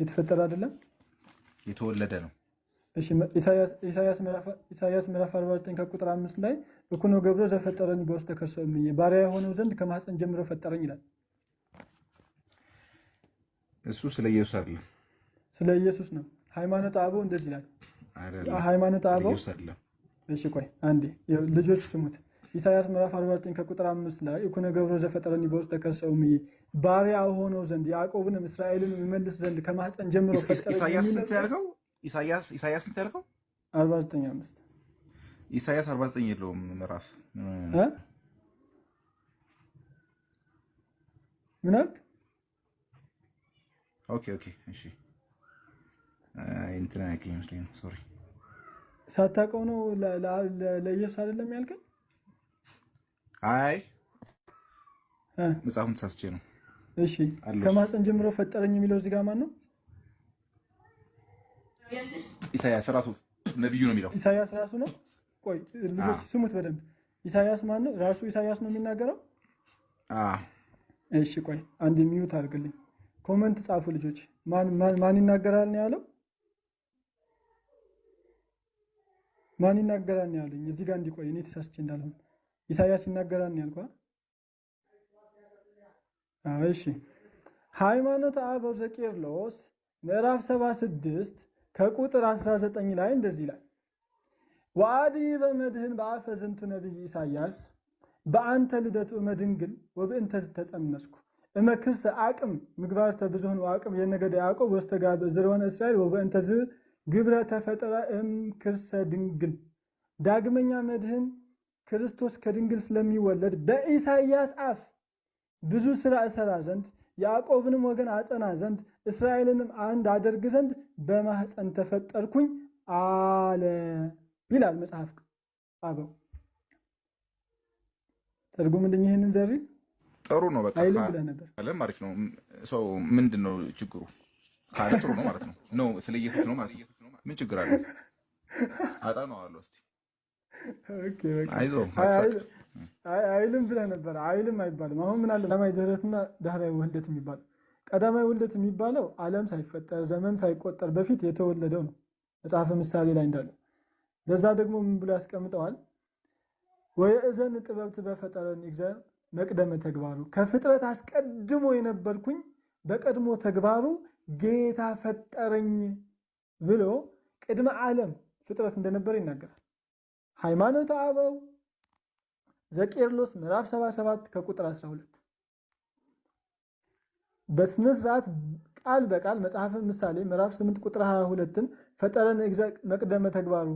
የተፈጠረ አይደለም የተወለደ ነው። እሺ ኢሳያስ ምዕራፍ 49 ከቁጥር አምስት ላይ እኩኖ ገብሮ ዘፈጠረኝ በውስተ ከርሰ እምዬ ባሪያ የሆነው ዘንድ ከማህፀን ጀምሮ ፈጠረኝ ይላል። እሱ ስለ ኢየሱስ አይደለም፣ ስለ ኢየሱስ ነው። ሃይማኖት አበው እንደዚህ ይላል። ሃይማኖት አበው እሺ፣ ቆይ አንዴ ልጆች ስሙት ኢሳያስ ምዕራፍ 49 ከቁጥር 5 ላይ እኩነ ገብሮ ዘፈጠረኒ በውስተ ከሰውም ባሪያ ሆነው ዘንድ ያዕቆብንም እስራኤልን የመልስ ዘንድ ከማህፀን ጀምሮ ኢሳያስ ስንት ያልከው? 49 ኢሳያስ 49 የለውም ምዕራፍ ምን አልክ? ኦኬ ኦኬ እሺ እንትን ነው። ሶሪ ሳታውቀው ነው ለኢየሱስ አይደለም ያልከኝ አይ መጽሐፉን ተሳስቼ ነው። እሺ ከማፀን ጀምሮ ፈጠረኝ የሚለው እዚህ ጋር ማን ነው? ኢሳያስ ራሱ ነብዩ ነው የሚለው ኢሳያስ ራሱ ነው። ቆይ ልጆች ስሙት በደንብ ኢሳያስ ማን ነው? ራሱ ኢሳያስ ነው የሚናገረው። እሺ ቆይ አንድ ሚዩት አድርግልኝ። ኮመንት ጻፉ ልጆች። ማን ይናገራል ነው ያለው? ማን ይናገራል ነው ያለኝ እዚህ ጋር እንዲቆይ እኔ ተሳስቼ እንዳልሆን ኢሳያስ ይናገራል ያልኳ። እሺ ሃይማኖተ አበው ዘቄርሎስ ምዕራፍ 76 ከቁጥር 19 ላይ እንደዚህ ይላል። ወአዲ በመድህን በአፈ ዝንቱ ነቢይ ኢሳያስ በአንተ ልደቱ እመድንግል ወብእንተ ዝተጸነስኩ እመክርሰ አቅም ምግባርተ ብዙኅን አቅም የነገደ ያዕቆብ ወስተጋብእ ዝርወነ እስራኤል ወበእንተ ግብረ ተፈጠረ እምክርሰ ድንግል ዳግመኛ መድህን ክርስቶስ ከድንግል ስለሚወለድ በኢሳይያስ አፍ ብዙ ስራ እሰራ ዘንድ ያዕቆብንም ወገን አጸና ዘንድ እስራኤልንም አንድ አደርግ ዘንድ በማህፀን ተፈጠርኩኝ አለ ይላል መጽሐፍ አበው። ትርጉም ምንድን ይህንን ዘሪ ጥሩ ነው። በቃ አለም አሪፍ ነው። ሰው ምንድን ነው ችግሩ? ጥሩ ነው ማለት ነው ነው ስለየት ነው ማለት ነው። ምን ችግር አለ? አጣ ነው አለ ስ አይልም ብለህ ነበር። አይልም አይባልም። አሁን ምን አለ ቀዳማይ ድኅረትና ዳህራዊ ውህደት የሚባለው ቀዳማዊ ውልደት የሚባለው ዓለም ሳይፈጠር ዘመን ሳይቆጠር በፊት የተወለደው ነው መጽሐፈ ምሳሌ ላይ እንዳለው። ለዛ ደግሞ ምን ብሎ ያስቀምጠዋል? ወየእዘን ጥበብት በፈጠረን እግዚአብሔር መቅደመ ተግባሩ ከፍጥረት አስቀድሞ የነበርኩኝ በቀድሞ ተግባሩ ጌታ ፈጠረኝ ብሎ ቅድመ ዓለም ፍጥረት እንደነበረ ይናገራል። ሃይማኖተ አበው ዘቄርሎስ ምዕራፍ 77 ከቁጥር 12 በስነ ስርዓት ቃል በቃል መጽሐፈ ምሳሌ ምዕራፍ 8 ቁጥር 22ን ፈጠረን መቅደመ ተግባሩ